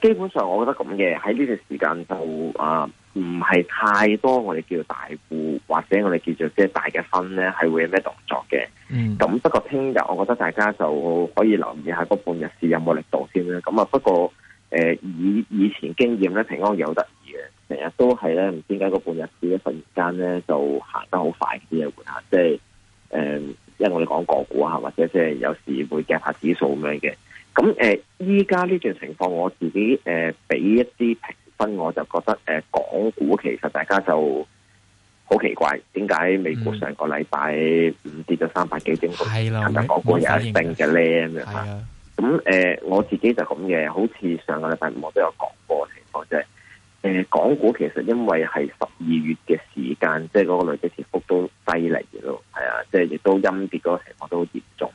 基本上，我覺得咁嘅喺呢段時間就啊，唔係太多我哋叫，叫做大戶或者我哋叫做即係大嘅分咧，係會有咩動作嘅。嗯，咁不過聽日，我覺得大家就可以留意下嗰半日市有冇力度先啦。咁啊，不過誒、呃，以以前經驗咧，平安有得意嘅，成日都係咧，唔知點解嗰半日市一瞬間咧就行得好快啲嘅，回下即係誒、呃，因為我哋講個股啊，或者即係有時會夾下指數咩嘅。咁誒，依家呢段情況，我自己誒俾、呃、一啲評分，我就覺得誒、呃，港股其實大家就好奇怪，點解美國上個禮拜五跌咗三百幾點咁，琴日港股有一升嘅咧咁樣誒咁、呃，我自己就咁嘅，好似上個禮拜五我都有講過情況，即係誒，港股其實因為係十二月嘅時間，即係嗰個累積跌幅都低嚟嘅咯，係啊，即係亦都陰跌嗰個情況都好嚴重。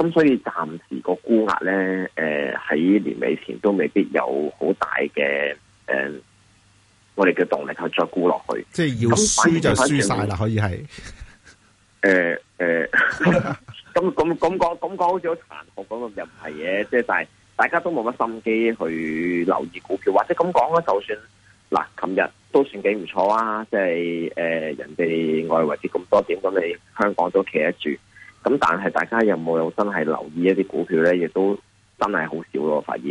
咁所以暫時個沽壓咧，誒、呃、喺年尾前都未必有好大嘅誒、呃，我哋嘅動力去再沽落去。即係要輸就輸曬啦，可以係。誒誒、呃，咁咁咁講，咁講 好似好殘酷噉，又唔係嘢。即係大大家都冇乜心機去留意股票，或者咁講咧，就算嗱，琴日都算幾唔錯啊！即係誒人哋外圍跌咁多點，咁你香港都企得住。咁但係大家有冇有真係留意一啲股票咧？亦都真係好少咯，我發現。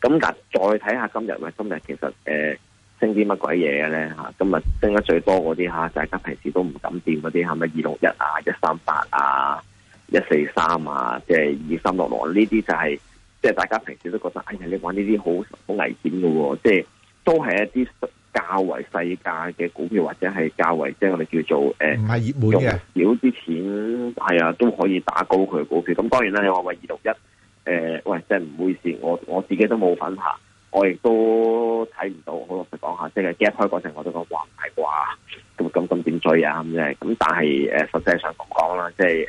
咁但再睇下今日喂，今日其實誒升啲乜鬼嘢咧吓？今日升得最多嗰啲吓，大家平時都唔敢掂嗰啲，係咪二六一啊、一三八啊、一四三啊，即係二三六六呢啲就係，即係大家平時都覺得，哎呀，你玩呢啲好好危險噶喎，即係都係一啲。較為細價嘅股票，或者係較為即係我哋叫做誒，呃、熱門用少啲錢係啊，都可以打高佢嘅股票。咁當然啦，你話喂二六一，誒、呃，喂，即係唔好意思，我我自己都冇份下，我亦都睇唔到。好老實講下，即係 gap 開嗰陣，我都講話唔大啩。咁咁咁點追啊？咁即係，咁但係誒、呃，實際上講講啦，即係誒，呢、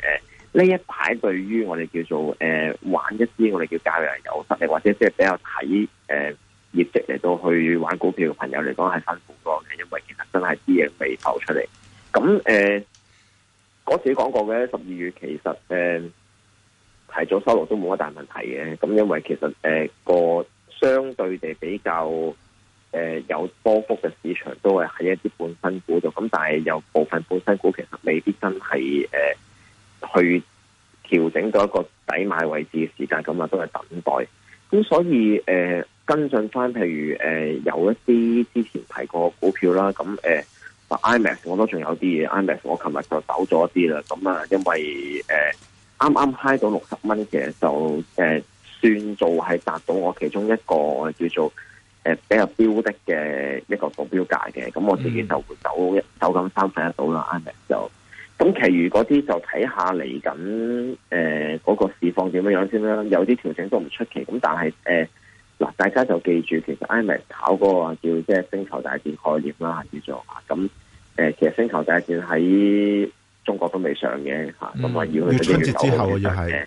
呃、一排對於我哋叫做誒、呃，玩一啲我哋叫交人有實力或者即係比較睇誒。呃業績嚟到去玩股票嘅朋友嚟講係辛苦過嘅，因為其實真係啲嘢未走出嚟。咁誒，嗰時講過嘅十二月，其實誒、呃，提早收落都冇乜大問題嘅。咁因為其實誒、呃、個相對地比較誒、呃、有波幅嘅市場都係喺一啲本身股度。咁但係有部分本身股其實未必真係誒、呃、去調整到一個抵買位置嘅時間，咁啊都係等待。咁所以誒、呃、跟進翻，譬如誒、呃、有一啲之前提過股票啦，咁誒嗱、呃、IMAX 我都仲有啲嘢。IMAX 我琴日就走咗一啲啦，咁啊因為誒啱啱嗨到六十蚊嘅，就誒、呃、算做係達到我其中一個我叫做誒、呃、比較標的嘅一個目標，標價嘅，咁我自己就會走走咁三十、嗯、一度啦，IMAX 就。咁其餘嗰啲就睇下嚟緊誒嗰個市況點樣樣先啦，有啲調整都唔出奇。咁但係誒嗱，大家就記住，其實 i 考 e 搞個叫即係星球大戰概念啦，叫做啊。咁誒，其實星球大戰喺中國都未上嘅吓，咁話、嗯、要去一月九號係。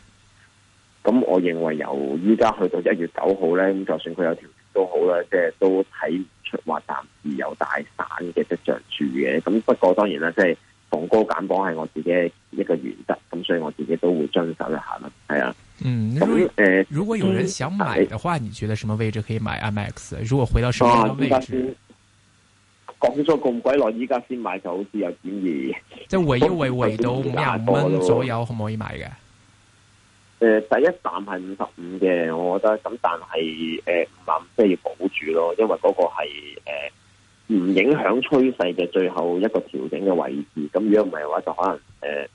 咁、啊、我認為由依家去到一月九號咧，咁就算佢有調整都好啦，即係都睇唔出話暫時有大散嘅跡象住嘅。咁不過當然啦，即係。逢高減磅係我自己一個原則，咁所以我自己都會遵守一下啦。係啊，嗯，誒，嗯、如果有人想買嘅話，嗯、你覺得什麼位置可以買 IMAX？、嗯、如果回到什麼位置？啊、現在講咗咁鬼耐，依家先買就好似有啲二。即係一位我，我到廿蚊左右可唔可以買嘅？誒、嗯嗯嗯嗯嗯，第一站係五十五嘅，我覺得咁，但係誒唔諗即係要保住咯，因為嗰個係誒。呃唔影響趨勢嘅最後一個調整嘅位置，咁如果唔係嘅話，就可能誒、呃，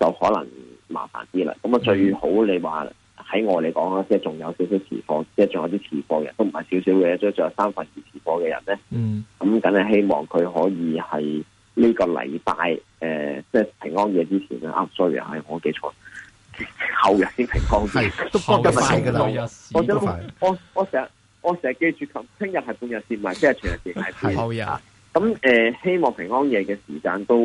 就可能麻煩啲啦。咁啊，最好你話喺我嚟講啦，即係仲有少少持貨，就是、有一持貨，少持貨，即係仲有啲持貨嘅，都唔係少少嘅，即仲有三分二持貨嘅人咧。嗯。咁梗係希望佢可以係呢個禮拜誒、即、呃、係、就是、平安夜之前啦。 sorry，係我記錯，後日先平安。都我我成日。我成日記住，琴聽日係半日市埋，聽日全日市係平安夜咁誒，希望平安夜嘅時間都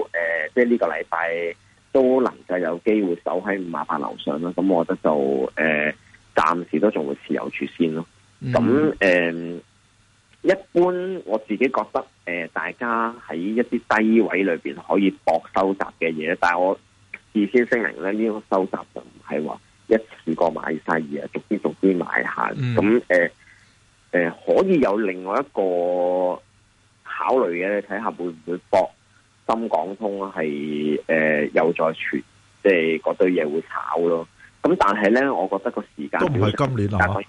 誒、呃，即係呢個禮拜都能夠有機會守喺五萬八樓上啦。咁我覺得就誒、呃，暫時都仲會持有住先咯。咁誒、 呃，一般我自己覺得誒、呃，大家喺一啲低位裏邊可以搏收集嘅嘢，但係我事先聲明咧，呢個收集就唔係話。一次過買晒嘢，逐支逐支買一下，咁誒誒可以有另外一個考慮嘅咧，睇下會唔會博深港通係誒、呃、又再傳，即係嗰堆嘢會炒咯。咁但係咧，我覺得個時間都唔係今年啊，但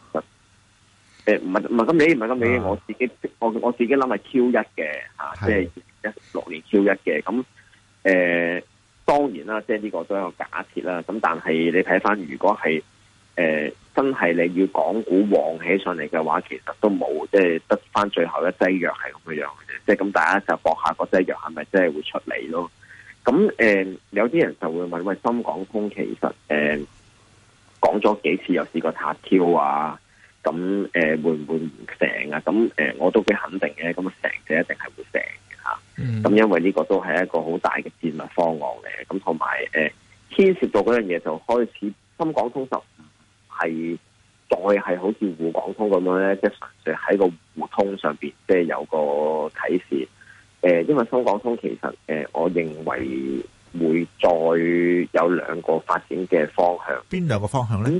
其實，誒唔係唔係今年，唔係今年、嗯我我，我自己我我自己諗係 Q 一嘅吓，即係一六年 Q 一嘅，咁誒。呃當然啦，即係呢個都係一個假設啦。咁但係你睇翻，如果係誒、呃、真係你要港股旺起上嚟嘅話，其實都冇，即係得翻最後一劑藥係咁嘅樣嘅啫。即係咁，大家就搏下嗰劑藥係咪真係會出嚟咯。咁誒、呃、有啲人就會問：喂，深港通其實誒講咗幾次又試過撻 Q、呃、啊？咁誒會唔會唔成啊？咁、呃、誒我都幾肯定嘅，咁成就一定係會成。咁、嗯、因為呢個都係一個好大嘅戰略方案咧，咁同埋誒牽涉到嗰樣嘢就開始深港通就係再係好似滬港通咁樣咧，即係純粹喺個互通上邊即係有個啟示。誒、呃，因為深港通其實誒、呃，我認為會再有兩個發展嘅方向，邊兩個方向咧？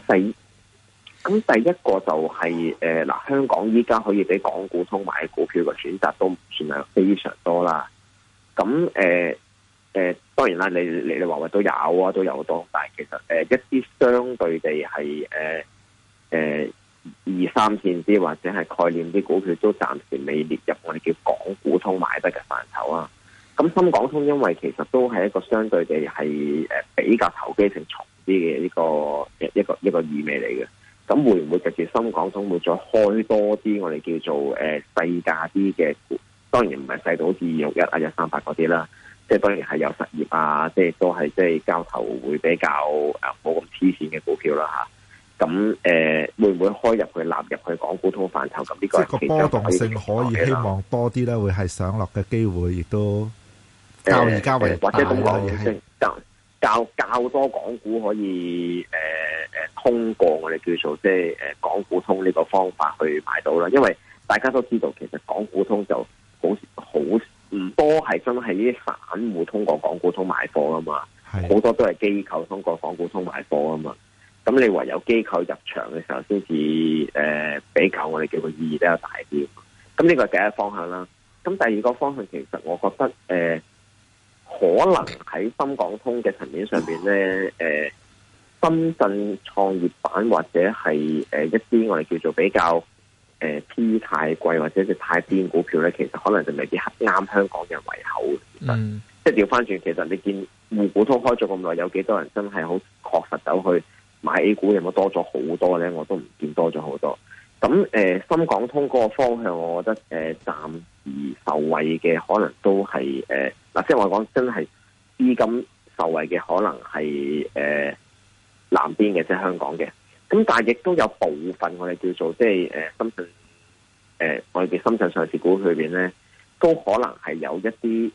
咁第一個就係誒嗱，香港依家可以俾港股通買的股票嘅選擇都算係非常多啦。咁誒誒，當然啦，你你你話話都有啊，都有好多，但係其實誒、呃、一啲相對地係誒誒二三線啲或者係概念啲股票都暫時未列入我哋叫港股通買得嘅範疇啊。咁深港通因為其實都係一個相對地係誒比較投機性重啲嘅一個一個一個，一個意味嚟嘅。咁會唔會直接深港通會再開多啲？我哋叫做誒、呃、細價啲嘅股，當然唔係細到好似二六一啊、一三八嗰啲啦。即係當然係有實業啊，即係都係即係交投會比較誒冇咁黐線嘅股票啦嚇。咁誒、呃、會唔會開入去納入去港股通範疇？咁呢個即係個波動性可以希望多啲咧，會係上落嘅機會亦都較為較為大嘅。呃呃或者較較多港股可以誒誒、呃、通過我哋叫做即係誒港股通呢個方法去買到啦，因為大家都知道其實港股通就好好唔多係真係啲散戶通過港股通買貨啊嘛，好的多都係機構通過港股通買貨啊嘛，咁你唯有機構入場嘅時候先至誒比較我哋叫做意義比較大啲，咁呢個係第一個方向啦，咁第二個方向其實我覺得誒。呃可能喺深港通嘅層面上面咧，誒、呃，深圳創業板或者係誒、呃、一啲我哋叫做比較誒、呃、P 太貴或者係太癲股票咧，其實可能就未必啱香港人胃口。嗯，即係調翻轉，其實你見滬股通開咗咁耐，有幾多人真係好確實走去買 A 股，有冇多咗好多咧？我都唔見多咗好多。咁誒、呃，深港通嗰個方向，我覺得誒、呃、暫時受惠嘅可能都係誒。呃啊！即係我講，真係資金受惠嘅可能係誒、呃、南邊嘅，即係香港嘅。咁但係亦都有部分我哋叫做即係誒深圳誒、呃、我哋嘅深圳上市股裏邊咧,都可能係有一啲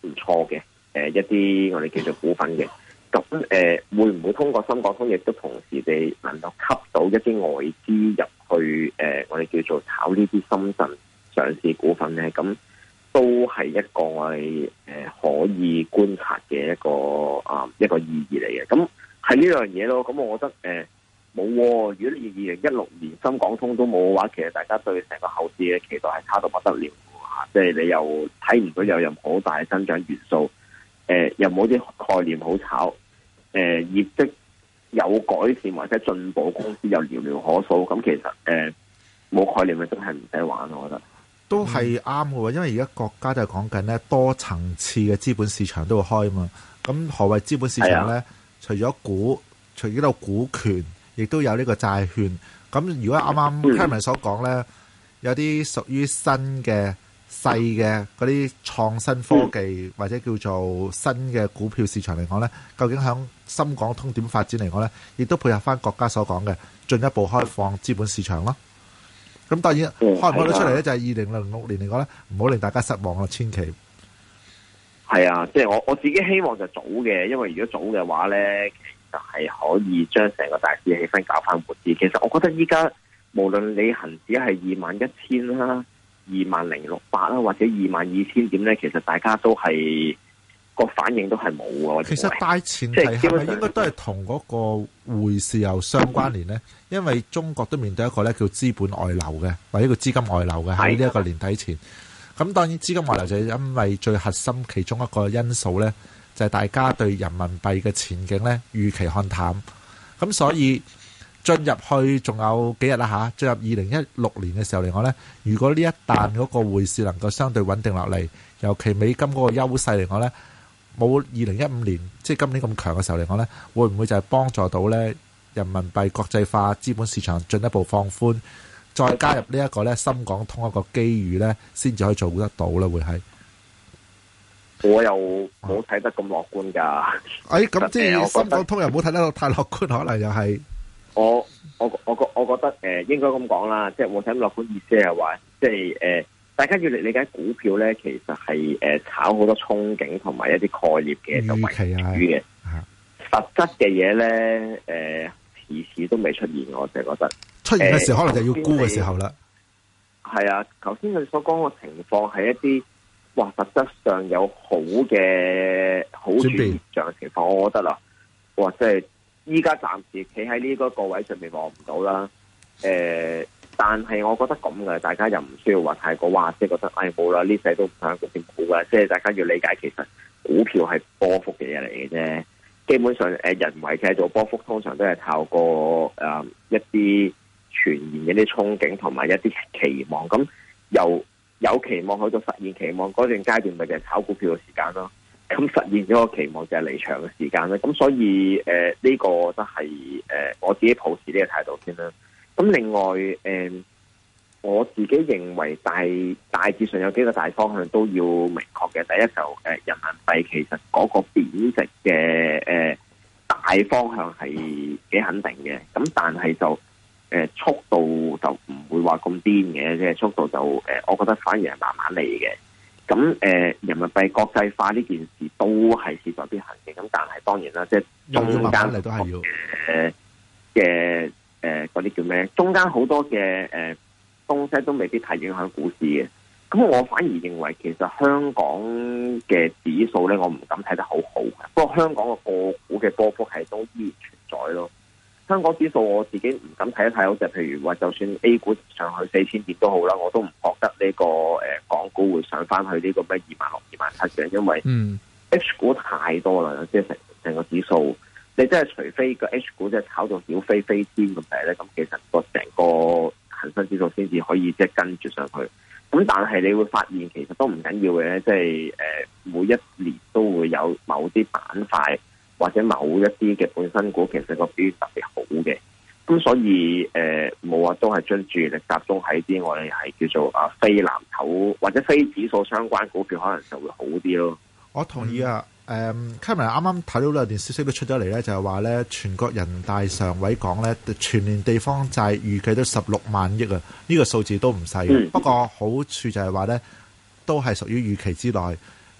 唔錯嘅誒一啲我哋叫做股份嘅。咁誒、呃、會唔會通過深港通亦都同時地能夠吸到一啲外資入去誒、呃、我哋叫做炒呢啲深圳上市股份咧？咁，都係一個誒、呃、可以觀察嘅一個啊、嗯、一個意義嚟嘅，咁係呢樣嘢咯。咁我覺得誒冇、呃哦，如果你二零一六年深港通都冇嘅話，其實大家對成個後市嘅期待係差到不得了，即係、就是、你又睇唔到有任何好大增長元素，誒又冇啲概念好炒，誒、呃、業績有改善或者進步，公司又寥寥可數。咁其實誒冇、呃、概念咪真係唔使玩咯，我覺得。都係啱嘅喎，因為而家國家都係講緊呢多層次嘅資本市場都會開嘛。咁何為資本市場呢？除咗股，除咗到股權，亦都有呢個債券。咁如果啱啱 Kevin 所講呢，有啲屬於新嘅細嘅嗰啲創新科技或者叫做新嘅股票市場嚟講呢，究竟響深港通點發展嚟講呢？亦都配合翻國家所講嘅進一步開放資本市場咯。咁當然，嗯、開唔開得出嚟咧，就係二零零六年嚟講咧，唔好令大家失望囉係啊！千祈係啊，即係我我自己希望就早嘅，因為如果早嘅話咧，其實係可以將成個大市氣氛搞翻活啲。其實我覺得依家無論你恆指係二萬一千啦、二萬零六百啦，或者二萬二千點咧，其實大家都係。個反應都係冇嘅，其實大前提係咪應該都係同嗰個匯市有相關聯呢？嗯、因為中國都面對一個呢叫資本外流嘅，或者叫資金外流嘅喺呢一個年底前。咁、嗯、當然資金外流就係因為最核心其中一個因素呢，就係、是、大家對人民幣嘅前景呢預期看淡。咁所以進入去仲有幾日啦吓，進入二零一六年嘅時候嚟講呢，如果呢一旦嗰個匯市能夠相對穩定落嚟，尤其美金嗰個優勢嚟講呢。冇二零一五年即係今年咁強嘅時候嚟講咧，會唔會就係幫助到咧人民幣國際化、資本市場進一步放寬，再加入呢一個咧深港通一個機遇咧，先至可以做得到咧？會係我又冇睇得咁樂觀噶。誒、哎，咁即係深港通又冇睇得到太樂觀，可能又係我我我覺我覺得誒、呃，應該咁講啦，即係冇睇咁樂觀意思係話，即係誒。呃大家要嚟理解股票咧，其實係誒、呃、炒好多憧憬同埋一啲概念嘅，預期係，嗯嗯嗯、實質嘅嘢咧，誒、呃，遲遲都未出現，我即係覺得出現嘅時候，可能就要沽嘅時候啦。係、呃、啊，頭先佢所講個情況係一啲，哇，實質上有好嘅好專業嘅情況，備我覺得啦，哇，即係依家暫時企喺呢個高位上面望唔到啦，誒。呃但係我覺得咁嘅，大家又唔需要話太過哇，即係覺得哎冇啦，呢世都唔係一個正股啊！即、就、係、是、大家要理解，其實股票係波幅嘅嘢嚟嘅啫。基本上誒，人為製造波幅，通常都係透過誒、呃、一啲傳言、一啲憧憬同埋一啲期望。咁、嗯、有有期望去到實現期望嗰段階段，咪就係炒股票嘅時間咯。咁、嗯、實現咗個期望就係離場嘅時間咯。咁、嗯、所以誒呢、呃這個都係誒、呃、我自己抱持呢個態度先啦。咁另外，誒、呃，我自己認為大大致上有幾個大方向都要明確嘅。第一就是，誒、呃，人民幣其實嗰個貶值嘅，誒、呃，大方向係幾肯定嘅。咁但係就，誒、呃，速度就唔會話咁癲嘅，即係速度就，誒、呃，我覺得反而係慢慢嚟嘅。咁，誒、呃，人民幣國際化呢件事都係事在必行嘅。咁但係當然啦，即、就、係、是、中間都係要嘅、呃。呃呃誒，嗰啲、呃、叫咩？中間好多嘅誒、呃、東西都未必太影響股市嘅。咁我反而認為，其實香港嘅指數咧，我唔敢睇得好好。不過香港嘅個股嘅波幅係都依然存在咯。香港指數我自己唔敢睇一睇，好，就譬如話，就算 A 股上去四千點都好啦，我都唔覺得呢個誒港股會上翻去呢個咩二萬六、二萬七嘅，因為嗯，H 股太多啦，即係成成個指數。你真係除非個 H 股真係炒到小飛飛天咁大咧，咁其實整個成個恒生指數先至可以即係跟住上去。咁但係你會發現其實都唔緊要嘅，即係誒每一年都會有某啲板塊或者某一啲嘅本身股好的，其實個表現特別好嘅。咁所以誒冇啊，都係將注意力集中喺啲我哋係叫做啊非藍籌或者非指數相關股票，可能就會好啲咯。我同意啊。誒，今啱啱睇到兩段消息都出咗嚟咧，就係話咧全國人大常委講咧，全年地方債預計都十六萬億啊，呢、這個數字都唔細。不過好處就係話咧，都係屬於預期之內。誒、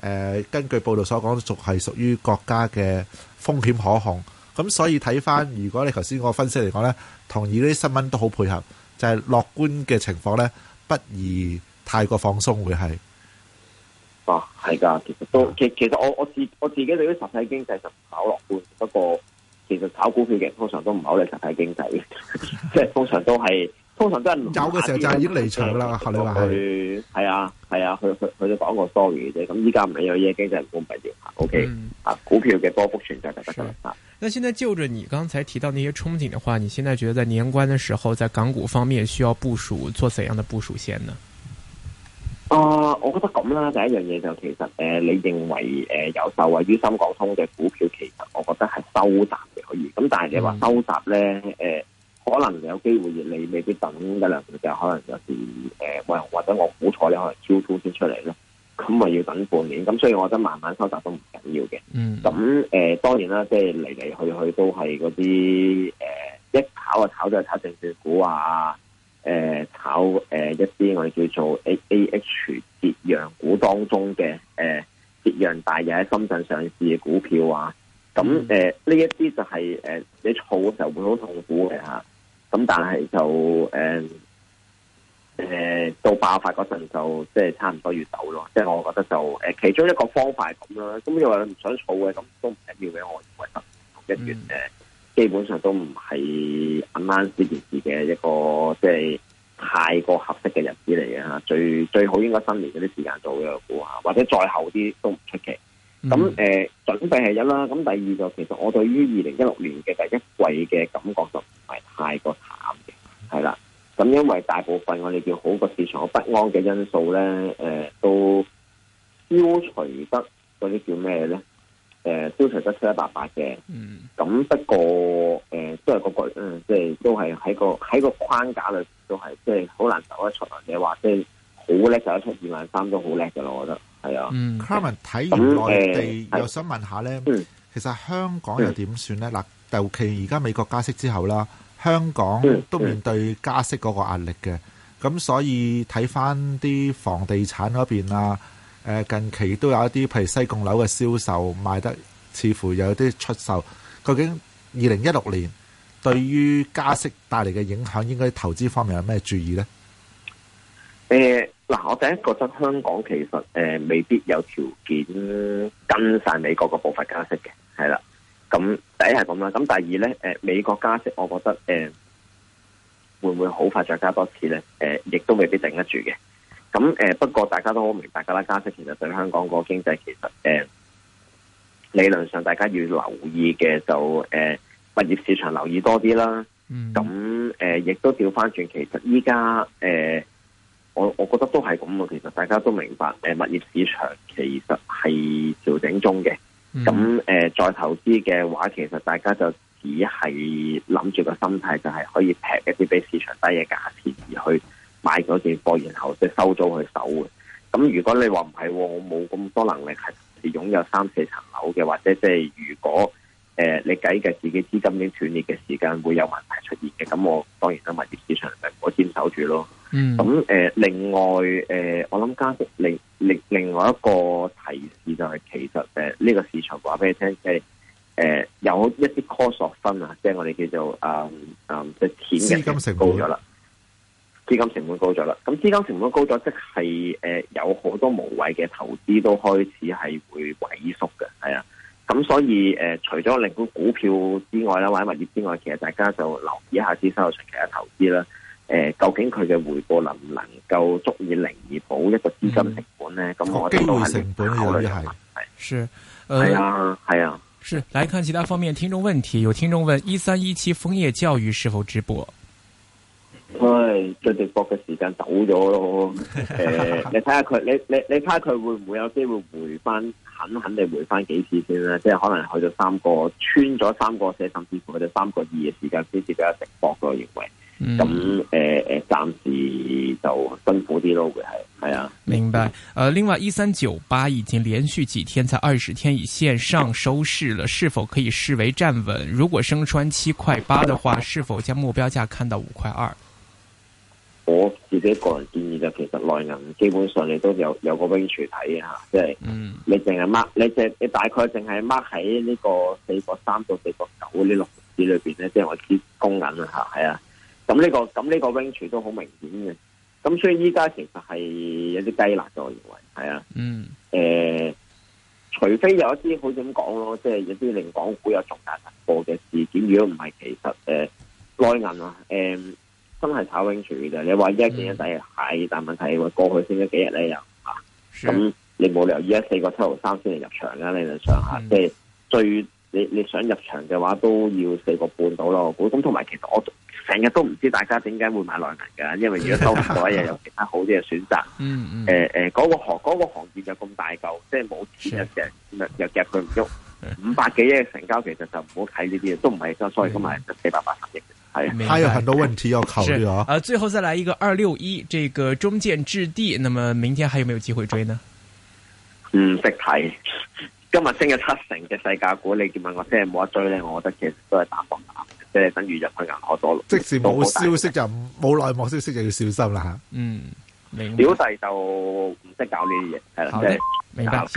呃，根據報道所講，屬係屬於國家嘅風險可控。咁所以睇翻，如果你頭先個分析嚟講咧，同意呢啲新聞都好配合，就係、是、樂觀嘅情況咧，不宜太過放鬆，會係。啊，係噶，其實都其實其實我我自我自己對於實體經濟就唔好樂觀，不過其實炒股票嘅人通常都唔好理實體經濟，即係通常都係通常都係有嘅時候就已經離場啦。學你話佢係啊係啊，佢佢佢都講過 sorry 嘅啫。咁依家唔係有嘢經濟唔穩定，吓 OK 啊，股票嘅波幅選擇等等啊。那現在就着你剛才提到那些憧憬嘅話，你現在覺得在年關嘅時候，在港股方面需要部署做怎樣的部署先呢？啊、呃，我覺得咁啦。第一樣嘢就其實，誒、呃，你認為誒、呃、有受惠於深港通嘅股票，其實我覺得係收集嘅可以。咁但係你話收集咧，誒、呃，可能有機會，你未必等一兩年就可能有啲誒，或、呃、或者我估錯你可能 Q2 先出嚟咧，咁咪要等半年。咁所以我覺得慢慢收集都唔緊要嘅。嗯。咁誒、呃，當然啦，即係嚟嚟去去都係嗰啲誒，一炒就炒就炒正股啊。誒，炒誒一啲我哋叫做 A A H 揭陽股當中嘅誒揭陽大嘢喺深圳上市嘅股票啊，咁誒呢一啲就係、是、誒、呃、你儲嘅時候會好痛苦嘅吓，咁但係就誒誒、呃、到爆發嗰陣就即係差唔多要走咯，即係我覺得就誒、呃、其中一個方法咁啦，咁你話你你唔想儲嘅咁都唔緊要嘅，我唔會諗一嘅嘅。嗯基本上都唔係啱啱呢件事嘅一個，即係太過合適嘅日子嚟嘅吓，最最好應該新年嗰啲時間做嘅估下或者再後啲都唔出奇。咁誒、嗯呃，準備係一啦。咁第二就係、其實我對於二零一六年嘅第一季嘅感覺就唔係太過淡嘅，係啦。咁因為大部分我哋叫好個市場有不安嘅因素咧，誒、呃、都消除得嗰啲叫咩咧？誒，都除得七七八八嘅，咁不過誒，都係嗰個，嗯，即、就、係、是、都係喺個喺個框架度，都係即係好難走得出嚟嘅話，即係好叻走得出二萬三都好叻噶咯，我覺得係啊。Carmen 睇、嗯啊、完內地，那嗯、又想問下咧，嗯、其實香港又點算咧？嗱，尤其而家美國加息之後啦，香港都面對加息嗰個壓力嘅，咁所以睇翻啲房地產嗰邊啦。誒近期都有一啲，譬如西貢樓嘅銷售賣得，似乎有啲出售。究竟二零一六年對於加息帶嚟嘅影響，應該投資方面有咩注意呢？誒嗱、呃，我第一覺得香港其實誒、呃、未必有條件跟晒美國嘅步伐加息嘅，係啦。咁、嗯、第一係咁啦，咁第二咧誒、呃、美國加息，我覺得誒、呃、會唔會好快再加多次咧？誒、呃、亦都未必頂得住嘅。咁誒、呃，不過大家都好明白㗎啦。加息其實對香港個經濟其實誒、呃，理論上大家要留意嘅就誒、呃，物業市場留意多啲啦。咁誒、嗯呃，亦都調翻轉。其實依家誒，我我覺得都係咁嘅。其實大家都明白，誒、呃、物業市場其實係調整中嘅。咁誒、嗯呃，再投資嘅話，其實大家就只係諗住個心態，就係可以劈一啲比市場低嘅價錢而去，買咗件貨，然後即係收租去守嘅。咁如果你話唔係，我冇咁多能力係擁有三四層樓嘅，或者即、就、係、是，如果誒、呃、你計計自己資金已經斷裂嘅時間會有問題出現嘅，咁我當然都物業市場我先守住咯。咁誒、嗯呃，另外誒、呃，我諗加值另另另外一個提示就係、是，其實誒呢、呃這個市場話俾你聽，即係誒有一啲 cost of fund 啊，即係我哋叫做啊嘅、嗯嗯就是、錢資金高咗啦。資金成本高咗啦，咁資金成本高咗，即係誒、呃、有好多無謂嘅投資都開始係會萎縮嘅，係啊，咁所以誒、呃、除咗另股股票之外啦，或者物業之外，其實大家就留意一下資產嘅長期嘅投資啦。誒、呃，究竟佢嘅回報能唔能夠足以凌而補一個資金成本咧？咁、嗯嗯、個機會成本考慮係係，是係啊係啊，是。來看其他方面，聽眾問題，有聽眾問：一三一七楓葉教育是否直播？最直播嘅時間走咗咯，誒、呃， 你睇下佢，你你你睇下佢會唔會有機會回翻，狠狠地回翻幾次先啦，即係可能去到三個穿咗三個社，甚至乎去到三個二嘅時間先至比較直播嘅認為，咁誒誒，暫、呃、時就辛苦啲咯，佢係係啊，明白。誒、呃，另外一三九八已經連續幾天在二十天以線上收市了，是否可以視為站穩？如果升穿七塊八的話，是否將目標價看到五塊二？我自己個人建議就其實，內銀基本上你都有有個溫存睇下即係你淨係掹你淨你大概淨係 mark 喺呢個四個三到四個九呢六字裏邊咧，即係我知公銀啦吓，係啊。咁呢、這個咁呢個溫存都好明顯嘅。咁所以依家其實係有啲雞肋，我認為係啊。嗯，誒、呃，除非有一啲好點講咯，即係有啲令港股有重大突破嘅事件，如果唔係，其實誒內銀啊，誒、呃。真係炒永駐嘅，你話依家件一仔係，嗯、但問題話過去先一幾日咧又嚇，咁、啊、是你冇理由依家四個七號三先嚟入場㗎，你嚟上。嚇、嗯，即係最你你想入場嘅話都要四個半到咯。股，咁同埋其實我成日都唔知大家點解會買內銀㗎，因為如果收唔到嘅嘢， 有其他好啲嘅選擇。嗯嗯。誒、嗯、嗰、呃嗰個行嗰、嗰個、行業就咁大嚿，即係冇錢嘅時候咪又夾佢唔喐，五百幾億成交，其實就唔好睇呢啲嘢，都唔係，所以今日四百八十億。係，還有很多問題要考慮啊。呃、啊，最後再嚟一個二六一，這個中建置地，那麼明天還有沒有機會追呢？唔識睇，今日升咗七成嘅世界股，你問我聽日冇得追咧，我覺得其實都係打波膽，即係等於入去銀行多。即使冇消息就冇內幕消息就要小心啦吓。嗯，明。表弟就唔識搞呢啲嘢，係啦、啊，即係的明白。